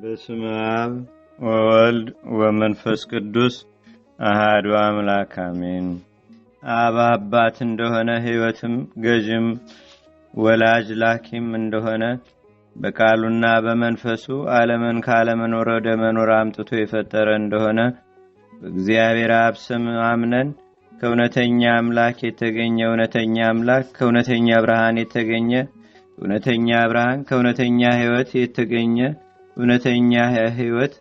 በስመ አብ ወወልድ ወመንፈስ ቅዱስ አህዱ አምላክ አሜን። አብ አባት እንደሆነ ሕይወትም ገዥም ወላጅ ላኪም እንደሆነ በቃሉና በመንፈሱ ዓለምን ካለመኖር ወደ መኖር አምጥቶ የፈጠረ እንደሆነ በእግዚአብሔር አብ ስም አምነን ከእውነተኛ አምላክ የተገኘ እውነተኛ አምላክ ከእውነተኛ ብርሃን የተገኘ እውነተኛ ብርሃን ከእውነተኛ ሕይወት የተገኘ እውነተኛ ህይወት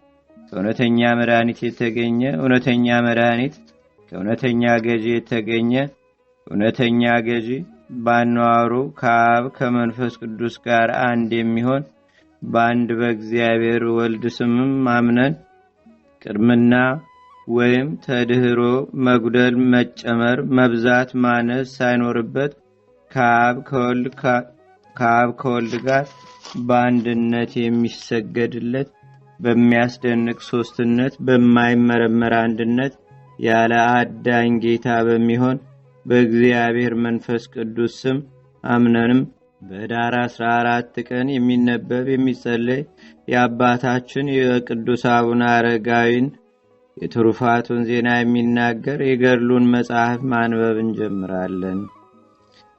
ከእውነተኛ መድኃኒት የተገኘ እውነተኛ መድኃኒት ከእውነተኛ ገዢ የተገኘ እውነተኛ ገዢ ባኗዋሩ ከአብ ከመንፈስ ቅዱስ ጋር አንድ የሚሆን በአንድ በእግዚአብሔር ወልድ ስምም ማምነን ቅድምና ወይም ተድህሮ መጉደል፣ መጨመር፣ መብዛት፣ ማነስ ሳይኖርበት ከአብ ከወልድ ጋር በአንድነት የሚሰገድለት በሚያስደንቅ ሶስትነት በማይመረመር አንድነት ያለ አዳኝ ጌታ በሚሆን በእግዚአብሔር መንፈስ ቅዱስ ስም አምነንም በዳር 14 ቀን የሚነበብ የሚጸለይ የአባታችን የቅዱስ አቡነ አረጋዊን የትሩፋቱን ዜና የሚናገር የገድሉን መጽሐፍ ማንበብ እንጀምራለን።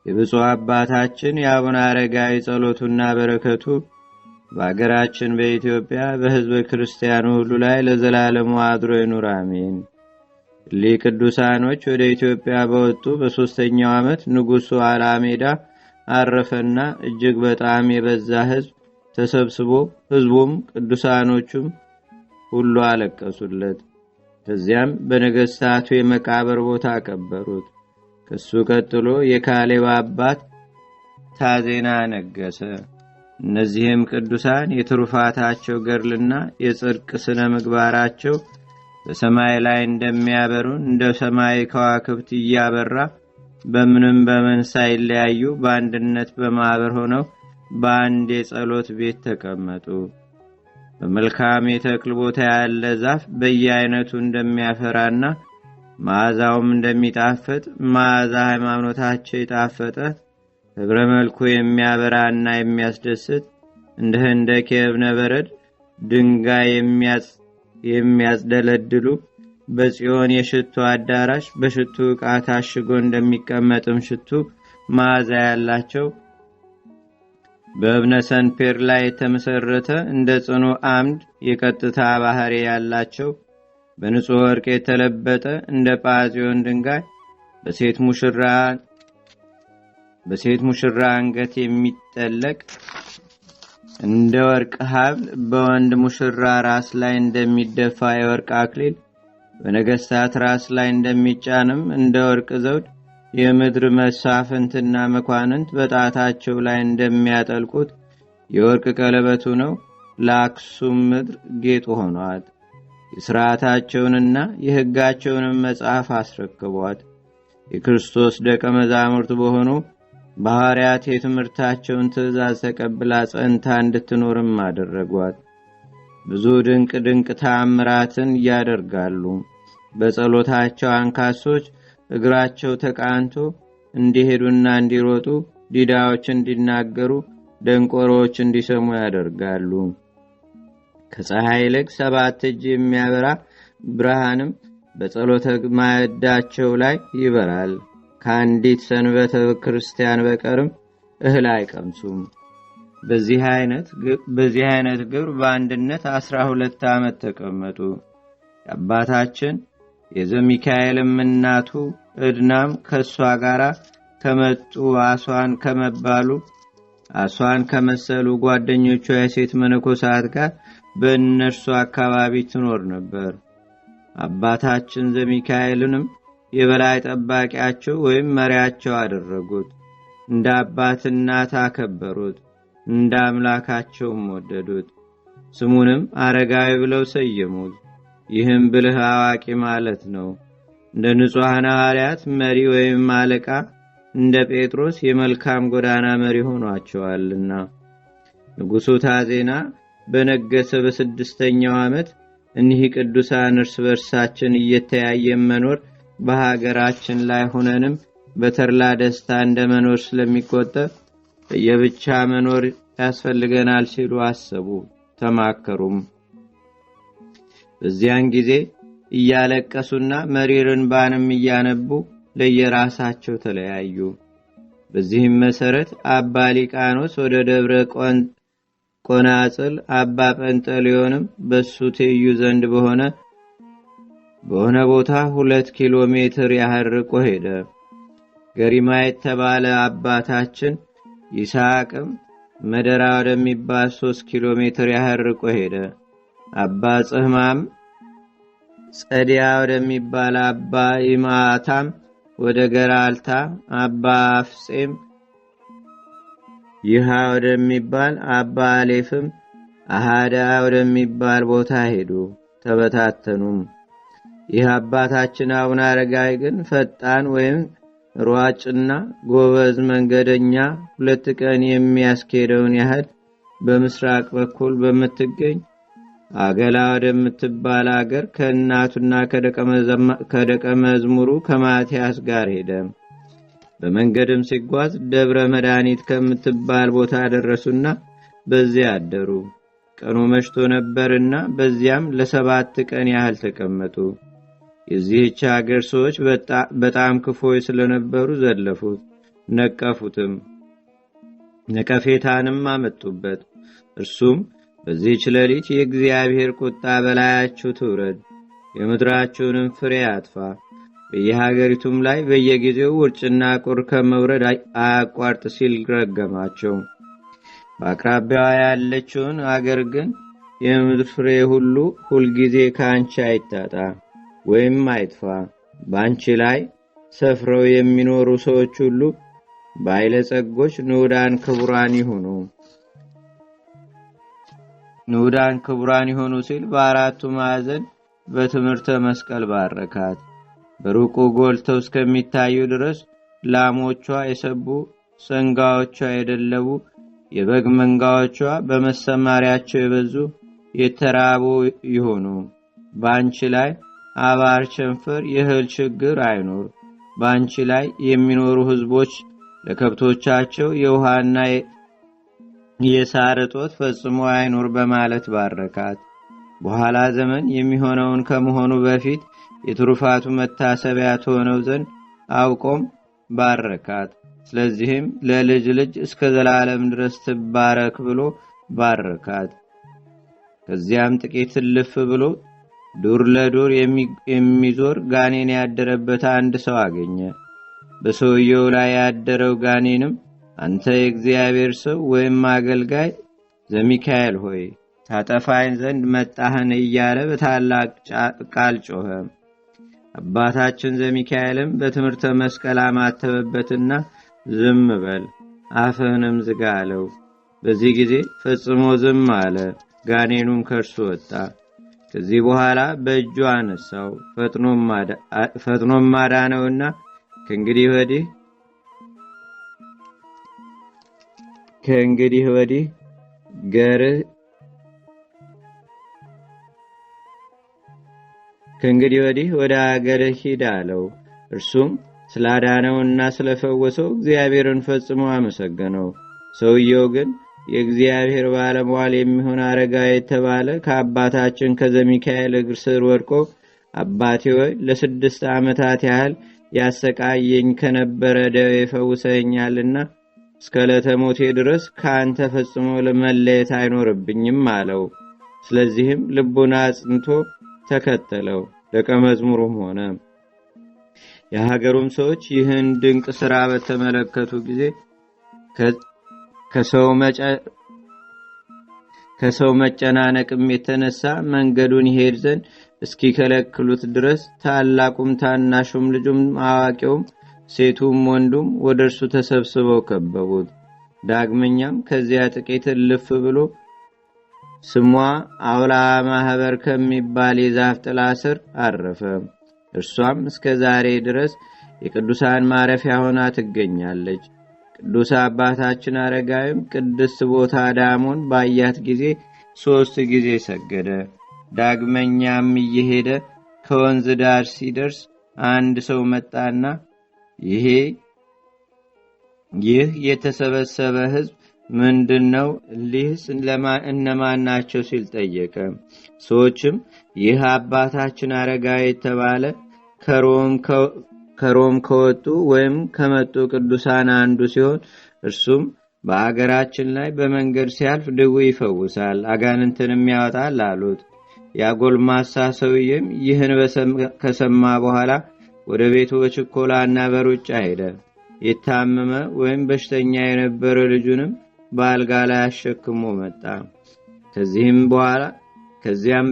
የብፁዕ አባታችን የአቡነ አረጋዊ ጸሎቱና በረከቱ በአገራችን በኢትዮጵያ በሕዝበ ክርስቲያኑ ሁሉ ላይ ለዘላለሙ አድሮ ይኑር፣ አሜን። እሊህ ቅዱሳኖች ወደ ኢትዮጵያ በወጡ በሦስተኛው ዓመት ንጉሡ አላሜዳ አረፈና እጅግ በጣም የበዛ ሕዝብ ተሰብስቦ ሕዝቡም ቅዱሳኖቹም ሁሉ አለቀሱለት። ከዚያም በነገሥታቱ የመቃብር ቦታ ቀበሩት። እሱ ቀጥሎ የካሌብ አባት ታዜና ነገሰ። እነዚህም ቅዱሳን የትሩፋታቸው ገርልና የጽድቅ ስነ ምግባራቸው በሰማይ ላይ እንደሚያበሩን እንደ ሰማይ ከዋክብት እያበራ በምንም በምን ሳይለያዩ በአንድነት በማህበር ሆነው በአንድ የጸሎት ቤት ተቀመጡ። በመልካም የተክል ቦታ ያለ ዛፍ በየአይነቱ እንደሚያፈራና መዓዛውም እንደሚጣፍጥ መዓዛ ሃይማኖታቸው የጣፈጠ ህብረ መልኩ የሚያበራና የሚያስደስት እንደ ህንደክ የእብነ በረድ ድንጋይ የሚያጽደለድሉ በጽዮን የሽቱ አዳራሽ በሽቱ ዕቃ ታሽጎ እንደሚቀመጥም ሽቱ መዓዛ ያላቸው በእብነ ሰንፔር ላይ የተመሰረተ እንደ ጽኑ አምድ የቀጥታ ባህሪ ያላቸው በንጹሕ ወርቅ የተለበጠ እንደ ጳዚዮን ድንጋይ በሴት ሙሽራ አንገት የሚጠለቅ እንደ ወርቅ ሀብል በወንድ ሙሽራ ራስ ላይ እንደሚደፋ የወርቅ አክሊል በነገስታት ራስ ላይ እንደሚጫንም እንደ ወርቅ ዘውድ የምድር መሳፍንትና መኳንንት በጣታቸው ላይ እንደሚያጠልቁት የወርቅ ቀለበቱ ነው። ለአክሱም ምድር ጌጡ ሆኗል። የሥርዓታቸውንና የሕጋቸውንም መጽሐፍ አስረክቧት የክርስቶስ ደቀ መዛሙርት በሆኑ ባሕርያት የትምህርታቸውን ትእዛዝ ተቀብላ ጸንታ እንድትኖርም አደረጓት። ብዙ ድንቅ ድንቅ ታምራትን እያደርጋሉ። በጸሎታቸው አንካሶች እግራቸው ተቃንቶ እንዲሄዱና እንዲሮጡ፣ ዲዳዎች እንዲናገሩ፣ ደንቆሮዎች እንዲሰሙ ያደርጋሉ። ከፀሐይ ይልቅ ሰባት እጅ የሚያበራ ብርሃንም በጸሎተ ማዕዳቸው ላይ ይበራል። ከአንዲት ሰንበተ ክርስቲያን በቀርም እህል አይቀምሱም። በዚህ አይነት ግብር በአንድነት አስራ ሁለት ዓመት ተቀመጡ። የአባታችን የዘሚካኤልም እናቱ እድናም ከእሷ ጋር ከመጡ አሷን ከመባሉ አሷን ከመሰሉ ጓደኞቿ የሴት መነኮሳት ጋር በእነርሱ አካባቢ ትኖር ነበር። አባታችን ዘሚካኤልንም የበላይ ጠባቂያቸው ወይም መሪያቸው አደረጉት። እንደ አባት እናት አከበሩት፣ እንደ አምላካቸውም ወደዱት። ስሙንም አረጋዊ ብለው ሰየሙት። ይህም ብልህ አዋቂ ማለት ነው። እንደ ንጹሐን ሐዋርያት መሪ ወይም አለቃ እንደ ጴጥሮስ የመልካም ጎዳና መሪ ሆኗቸዋልና ንጉሡ ታዜና በነገሰ በስድስተኛው ዓመት እኒህ ቅዱሳን እርስ በርሳችን እየተያየን መኖር በሀገራችን ላይ ሆነንም በተርላ ደስታ እንደ መኖር ስለሚቆጠር የብቻ መኖር ያስፈልገናል ሲሉ አሰቡ፣ ተማከሩም። በዚያን ጊዜ እያለቀሱና መሪር ባንም እያነቡ ለየራሳቸው ተለያዩ። በዚህም መሰረት አባ ሊቃኖስ ወደ ደብረ ቆናጽል አባ ጴንጠሊዮንም በሱ ትይዩ ዘንድ በሆነ በሆነ ቦታ ሁለት ኪሎ ሜትር ያህል ርቆ ሄደ። ገሪማ የተባለ አባታችን ይስሐቅም መደራ ወደሚባል ሶስት ኪሎ ሜትር ያህል ርቆ ሄደ። አባ ጽህማም ጸዲያ ወደሚባል አባ ይማታም ወደ ገራልታ አባ አፍጼም ይህ ወደሚባል አባ አሌፍም አሃዳ ወደሚባል ቦታ ሄዱ። ተበታተኑም። ይህ አባታችን አቡነ አረጋይ ግን ፈጣን ወይም ሯጭና ጎበዝ መንገደኛ ሁለት ቀን የሚያስኬደውን ያህል በምስራቅ በኩል በምትገኝ አገላ ወደምትባል አገር ከእናቱና ከደቀ መዝሙሩ ከማቲያስ ጋር ሄደም። በመንገድም ሲጓዝ ደብረ መድኃኒት ከምትባል ቦታ ደረሱና በዚያ አደሩ። ቀኑ መሽቶ ነበርና በዚያም ለሰባት ቀን ያህል ተቀመጡ። የዚህች አገር ሰዎች በጣም ክፎች ስለነበሩ ዘለፉት፣ ነቀፉትም፣ ነቀፌታንም አመጡበት። እርሱም በዚህች ሌሊት የእግዚአብሔር ቁጣ በላያችሁ ትውረድ፣ የምድራችሁንም ፍሬ አጥፋ በየሀገሪቱም ላይ በየጊዜው ውርጭና ቁር ከመውረድ አያቋርጥ ሲል ረገማቸው። በአቅራቢያዋ ያለችውን አገር ግን የምድር ፍሬ ሁሉ ሁልጊዜ ከአንቺ አይታጣ ወይም አይጥፋ። በአንቺ ላይ ሰፍረው የሚኖሩ ሰዎች ሁሉ ባይለጸጎች ንዑዳን ክቡራን ይሁኑ ንዑዳን ክቡራን ይሁኑ ሲል በአራቱ ማዕዘን በትምህርተ መስቀል ባረካት። በሩቁ ጎልተው እስከሚታዩ ድረስ ላሞቿ የሰቡ፣ ሰንጋዎቿ የደለቡ፣ የበግ መንጋዎቿ በመሰማሪያቸው የበዙ የተራቡ ይሆኑ። በአንቺ ላይ አባር ቸንፈር የእህል ችግር አይኖር። በአንቺ ላይ የሚኖሩ ህዝቦች ለከብቶቻቸው የውሃና የሳር እጦት ፈጽሞ አይኖር በማለት ባረካት። በኋላ ዘመን የሚሆነውን ከመሆኑ በፊት የትሩፋቱ መታሰቢያ ትሆነው ዘንድ አውቆም ባረካት። ስለዚህም ለልጅ ልጅ እስከ ዘላለም ድረስ ትባረክ ብሎ ባረካት። ከዚያም ጥቂት እልፍ ብሎ ዱር ለዱር የሚዞር ጋኔን ያደረበት አንድ ሰው አገኘ። በሰውየው ላይ ያደረው ጋኔንም አንተ የእግዚአብሔር ሰው ወይም አገልጋይ ዘሚካኤል ሆይ ታጠፋኝ ዘንድ መጣህን እያለ በታላቅ ቃል ጮኸም። አባታችን ዘሚካኤልም በትምህርተ መስቀል አማተበበትና ዝም በል አፍህንም ዝጋ አለው። በዚህ ጊዜ ፈጽሞ ዝም አለ። ጋኔኑም ከእርሱ ወጣ። ከዚህ በኋላ በእጁ አነሳው፣ ፈጥኖም ማዳነውና ከእንግዲህ ወዲህ ከእንግዲህ ወዲህ ገርህ ከእንግዲህ ወዲህ ወደ አገርህ ሂድ አለው። እርሱም ስላዳነውና ስለፈወሰው እግዚአብሔርን ፈጽሞ አመሰገነው። ሰውየው ግን የእግዚአብሔር ባለመዋል የሚሆን አረጋዊ የተባለ ከአባታችን ከዘሚካኤል እግር ስር ወድቆ አባቴ ወይ ለስድስት ዓመታት ያህል ያሰቃየኝ ከነበረ ደዌ ፈውሰኛልና እስከ ለተሞቴ ድረስ ከአንተ ፈጽሞ ለመለየት አይኖርብኝም አለው። ስለዚህም ልቡን አጽንቶ ተከተለው ደቀ መዝሙሩም ሆነ። የሀገሩም ሰዎች ይህን ድንቅ ሥራ በተመለከቱ ጊዜ ከሰው መጨናነቅም የተነሳ መንገዱን ይሄድ ዘንድ እስኪከለክሉት ድረስ ታላቁም ታናሹም ልጁም አዋቂውም ሴቱም ወንዱም ወደ እርሱ ተሰብስበው ከበቡት። ዳግመኛም ከዚያ ጥቂት ልፍ ብሎ ስሟ አውላ ማህበር ከሚባል የዛፍ ጥላ ስር አረፈ። እርሷም እስከ ዛሬ ድረስ የቅዱሳን ማረፊያ ሆና ትገኛለች። ቅዱስ አባታችን አረጋዊም ቅድስት ቦታ ዳሞን ባያት ጊዜ ሦስት ጊዜ ሰገደ። ዳግመኛም እየሄደ ከወንዝ ዳር ሲደርስ አንድ ሰው መጣና ይሄ ይህ የተሰበሰበ ሕዝብ ምንድን ነው? ሊህስ እነማን ናቸው? ሲል ጠየቀ። ሰዎችም ይህ አባታችን አረጋ የተባለ ከሮም ከወጡ ወይም ከመጡ ቅዱሳን አንዱ ሲሆን እርሱም በአገራችን ላይ በመንገድ ሲያልፍ ድው ይፈውሳል፣ አጋንንትንም ያወጣል አሉት። ያጎልማሳ ሰውዬም ይህን ከሰማ በኋላ ወደ ቤቱ በችኮላና በሩጫ ሄደ። የታመመ ወይም በሽተኛ የነበረ ልጁንም በአልጋ ላይ አሸክሞ መጣ። ከዚህም በኋላ ከዚያም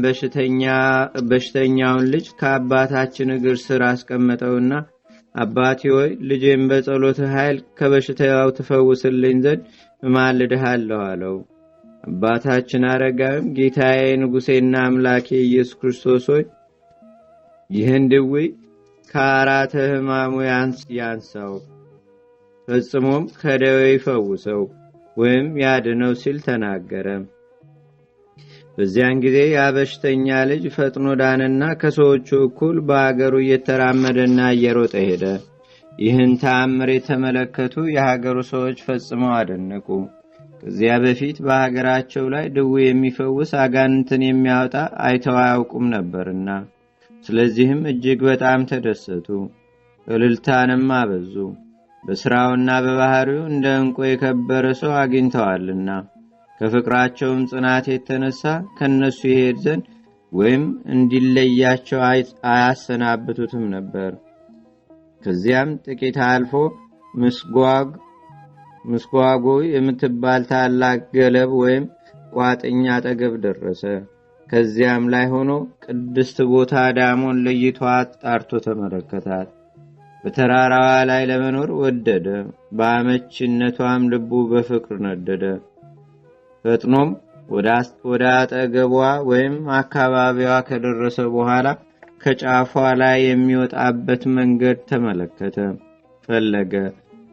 በሽተኛውን ልጅ ከአባታችን እግር ስር አስቀመጠውና አባቴ ሆይ ልጄም በጸሎት ኃይል ከበሽታው ትፈውስልኝ ዘንድ እማልድሃለሁ አለው። አባታችን አረጋዊም ጌታዬ ንጉሴና አምላኬ ኢየሱስ ክርስቶስ ሆይ ይህን ድዌ ከአራተ ያንስ ያንሳው ፈጽሞም ከደዌ ይፈውሰው ወይም ያድነው ሲል ተናገረ። በዚያን ጊዜ የአበሽተኛ ልጅ ፈጥኖ ዳንና ከሰዎቹ እኩል በአገሩ እየተራመደና እየሮጠ ሄደ። ይህን ተአምር የተመለከቱ የሀገሩ ሰዎች ፈጽመው አደነቁ። ከዚያ በፊት በሀገራቸው ላይ ድዌ የሚፈውስ አጋንንትን የሚያወጣ አይተው አያውቁም ነበርና፣ ስለዚህም እጅግ በጣም ተደሰቱ፣ እልልታንም አበዙ። በሥራውና በባህሪው እንደ ዕንቁ የከበረ ሰው አግኝተዋልና ከፍቅራቸውም ጽናት የተነሳ ከእነሱ ይሄድ ዘንድ ወይም እንዲለያቸው አያሰናብቱትም ነበር። ከዚያም ጥቂት አልፎ ምስጓጎ የምትባል ታላቅ ገለብ ወይም ቋጥኛ አጠገብ ደረሰ። ከዚያም ላይ ሆኖ ቅድስት ቦታ ዳሞን ለይቷት ጣርቶ ተመለከታት። በተራራዋ ላይ ለመኖር ወደደ። በአመችነቷም ልቡ በፍቅር ነደደ። ፈጥኖም ወደ አጠገቧ ወይም አካባቢዋ ከደረሰ በኋላ ከጫፏ ላይ የሚወጣበት መንገድ ተመለከተ፣ ፈለገ።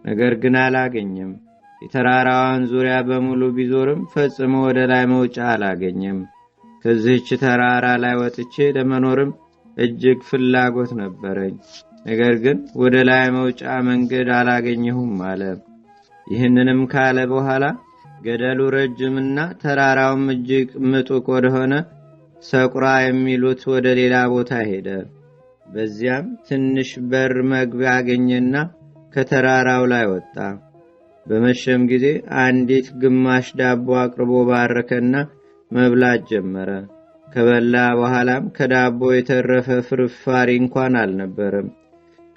ነገር ግን አላገኘም። የተራራዋን ዙሪያ በሙሉ ቢዞርም ፈጽሞ ወደ ላይ መውጫ አላገኘም። ከዚህች ተራራ ላይ ወጥቼ ለመኖርም እጅግ ፍላጎት ነበረኝ። ነገር ግን ወደ ላይ መውጫ መንገድ አላገኘሁም አለ። ይህንንም ካለ በኋላ ገደሉ ረጅምና ተራራውም እጅግ ምጡቅ ወደሆነ ሰቁራ የሚሉት ወደ ሌላ ቦታ ሄደ። በዚያም ትንሽ በር መግቢያ አገኘና ከተራራው ላይ ወጣ። በመሸም ጊዜ አንዲት ግማሽ ዳቦ አቅርቦ ባረከና መብላት ጀመረ። ከበላ በኋላም ከዳቦ የተረፈ ፍርፋሪ እንኳን አልነበረም።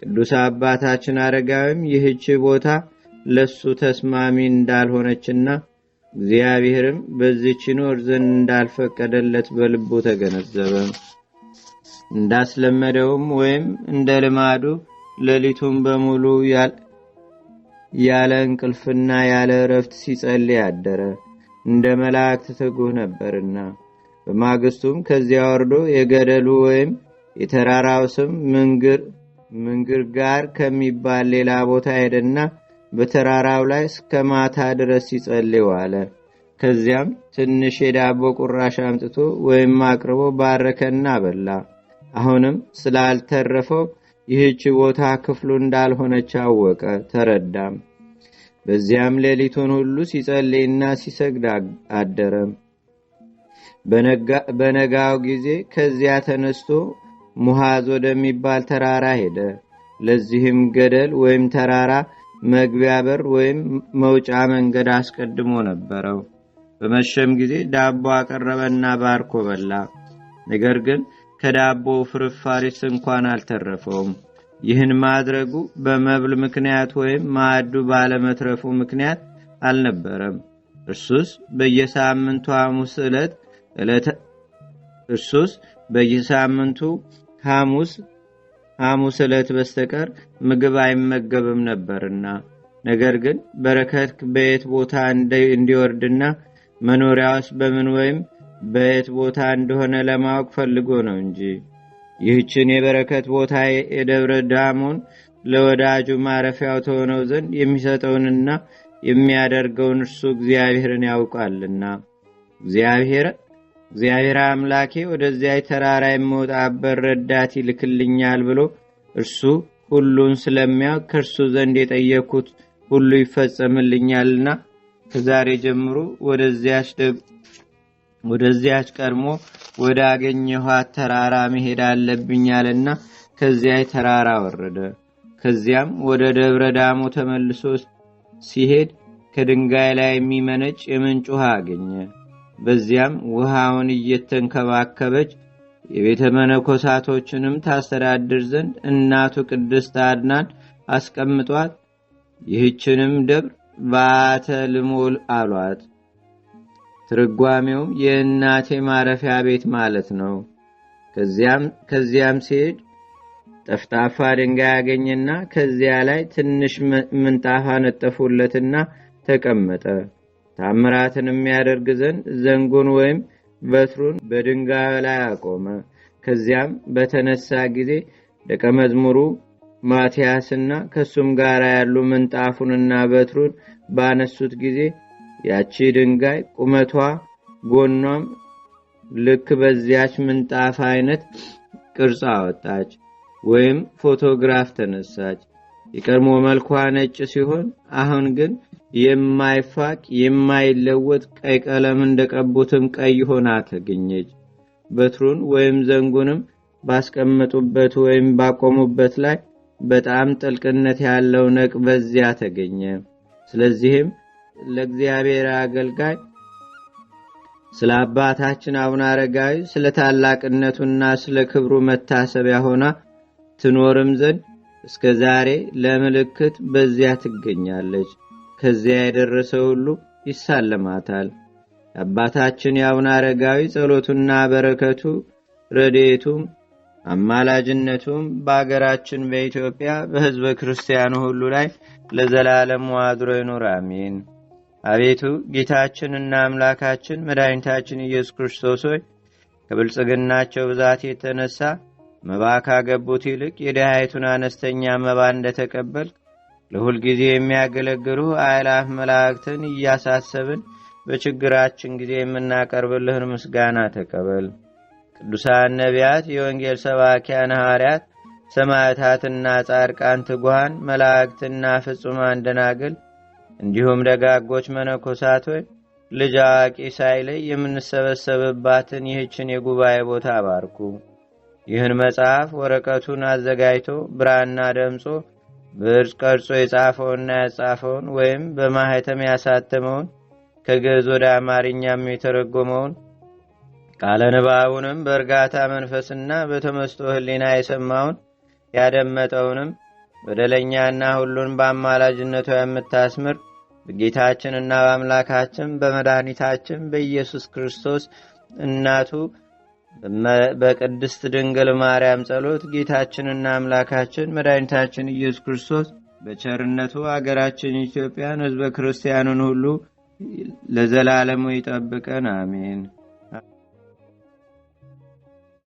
ቅዱስ አባታችን አረጋዊም ይህች ቦታ ለሱ ተስማሚ እንዳልሆነችና እግዚአብሔርም በዚች ኖር ዘንድ እንዳልፈቀደለት በልቡ ተገነዘበ። እንዳስለመደውም ወይም እንደ ልማዱ ሌሊቱን በሙሉ ያለ እንቅልፍና ያለ እረፍት ሲጸልይ አደረ። እንደ መላእክት ትጉህ ነበርና። በማግስቱም ከዚያ ወርዶ የገደሉ ወይም የተራራው ስም ምንግር ምንግር ጋር ከሚባል ሌላ ቦታ ሄደና በተራራው ላይ እስከ ማታ ድረስ ይጸልዩ አለ ከዚያም ትንሽ የዳቦ ቁራሽ አምጥቶ ወይም አቅርቦ ባረከና በላ። አሁንም ስላልተረፈው ይህች ቦታ ክፍሉ እንዳልሆነች አወቀ፣ ተረዳም። በዚያም ሌሊቱን ሁሉ ሲጸልይና ሲሰግድ አደረም። በነጋው ጊዜ ከዚያ ተነስቶ ሙሃዝ ወደሚባል ተራራ ሄደ። ለዚህም ገደል ወይም ተራራ መግቢያ በር ወይም መውጫ መንገድ አስቀድሞ ነበረው። በመሸም ጊዜ ዳቦ አቀረበና ባርኮ በላ። ነገር ግን ከዳቦው ፍርፋሪስ እንኳን አልተረፈውም። ይህን ማድረጉ በመብል ምክንያት ወይም ማዕዱ ባለመትረፉ ምክንያት አልነበረም። እርሱስ በየሳምንቱ ሐሙስ ዕለት እርሱስ በየሳምንቱ ሐሙስ ሐሙስ ዕለት በስተቀር ምግብ አይመገብም ነበርና ነገር ግን በረከት በየት ቦታ እንዲወርድና ውስጥ በምን ወይም በየት ቦታ እንደሆነ ለማወቅ ፈልጎ ነው እንጂ ይህችን የበረከት ቦታ የደብረ ዳሞን ለወዳጁ ማረፊያው ተሆነው ዘንድ የሚሰጠውንና የሚያደርገውን እርሱ እግዚአብሔርን ያውቃልና እግዚአብሔር እግዚአብሔር አምላኬ ወደዚያች ተራራ የምወጣበት ረዳት ይልክልኛል ብሎ እርሱ ሁሉን ስለሚያውቅ ከእርሱ ዘንድ የጠየኩት ሁሉ ይፈጸምልኛልና ከዛሬ ጀምሮ ወደዚያች ቀድሞ ወደ አገኘኋት ተራራ መሄድ አለብኛልና ከዚያች ተራራ ወረደ። ከዚያም ወደ ደብረ ዳሞ ተመልሶ ሲሄድ ከድንጋይ ላይ የሚመነጭ የምንጭ ውሃ አገኘ። በዚያም ውሃውን እየተንከባከበች የቤተ መነኮሳቶችንም ታስተዳድር ዘንድ እናቱ ቅድስት አድናን አስቀምጧት። ይህችንም ደብር ባተ ልሞል አሏት። ትርጓሜውም የእናቴ ማረፊያ ቤት ማለት ነው። ከዚያም ሲሄድ ጠፍጣፋ ድንጋይ ያገኘና ከዚያ ላይ ትንሽ ምንጣፋ ነጠፉለትና ተቀመጠ። ታምራትን የሚያደርግ ዘንድ ዘንጉን ወይም በትሩን በድንጋይ ላይ አቆመ። ከዚያም በተነሳ ጊዜ ደቀ መዝሙሩ ማቲያስና ከሱም ጋር ያሉ ምንጣፉንና በትሩን ባነሱት ጊዜ ያቺ ድንጋይ ቁመቷ፣ ጎኗም ልክ በዚያች ምንጣፍ አይነት ቅርጽ አወጣች ወይም ፎቶግራፍ ተነሳች። የቀድሞ መልኳ ነጭ ሲሆን አሁን ግን የማይፋቅ የማይለወጥ ቀይ ቀለም እንደቀቡትም ቀይ ሆና ተገኘች። በትሩን ወይም ዘንጉንም ባስቀመጡበት ወይም ባቆሙበት ላይ በጣም ጥልቅነት ያለው ነቅ በዚያ ተገኘ። ስለዚህም ለእግዚአብሔር አገልጋይ ስለ አባታችን አቡነ አረጋዊ ስለ ታላቅነቱና ስለ ክብሩ መታሰቢያ ሆና ትኖርም ዘንድ እስከ ዛሬ ለምልክት በዚያ ትገኛለች። ከዚያ የደረሰ ሁሉ ይሳለማታል። የአባታችን የአቡነ አረጋዊ ጸሎቱና በረከቱ ረዴቱም አማላጅነቱም በአገራችን በኢትዮጵያ በህዝበ ክርስቲያኑ ሁሉ ላይ ለዘላለም ዋድሮ ይኑር፣ አሜን። አቤቱ ጌታችንና አምላካችን መድኃኒታችን ኢየሱስ ክርስቶስ ሆይ ከብልጽግናቸው ብዛት የተነሳ መባ ካገቡት ይልቅ የድሃይቱን አነስተኛ መባ እንደተቀበልክ ለሁልጊዜ የሚያገለግሉ አእላፍ መላእክትን እያሳሰብን በችግራችን ጊዜ የምናቀርብልህን ምስጋና ተቀበል። ቅዱሳን ነቢያት፣ የወንጌል ሰባኪያን ሐዋርያት፣ ሰማዕታትና ጻድቃን፣ ትጉሃን መላእክትና ፍጹማን ደናግል እንዲሁም ደጋጎች መነኮሳት ሆይ ልጅ አዋቂ ሳይለይ የምንሰበሰብባትን ይህችን የጉባኤ ቦታ አባርኩ። ይህን መጽሐፍ ወረቀቱን አዘጋጅቶ ብራና ደምጾ በእርጽ ቀርጾ የጻፈውና ያጻፈውን ወይም በማህተም ያሳተመውን ከግዕዝ ወደ አማርኛም የተረጎመውን ቃለ ንባቡንም በእርጋታ መንፈስና በተመስጦ ህሊና የሰማውን ያደመጠውንም በደለኛና ሁሉን በአማላጅነቷ የምታስምር በጌታችንና በአምላካችን በመድኃኒታችን በኢየሱስ ክርስቶስ እናቱ በቅድስት ድንግል ማርያም ጸሎት ጌታችንና አምላካችን መድኃኒታችን ኢየሱስ ክርስቶስ በቸርነቱ አገራችን ኢትዮጵያን፣ ሕዝበ ክርስቲያኑን ሁሉ ለዘላለሙ ይጠብቀን። አሜን።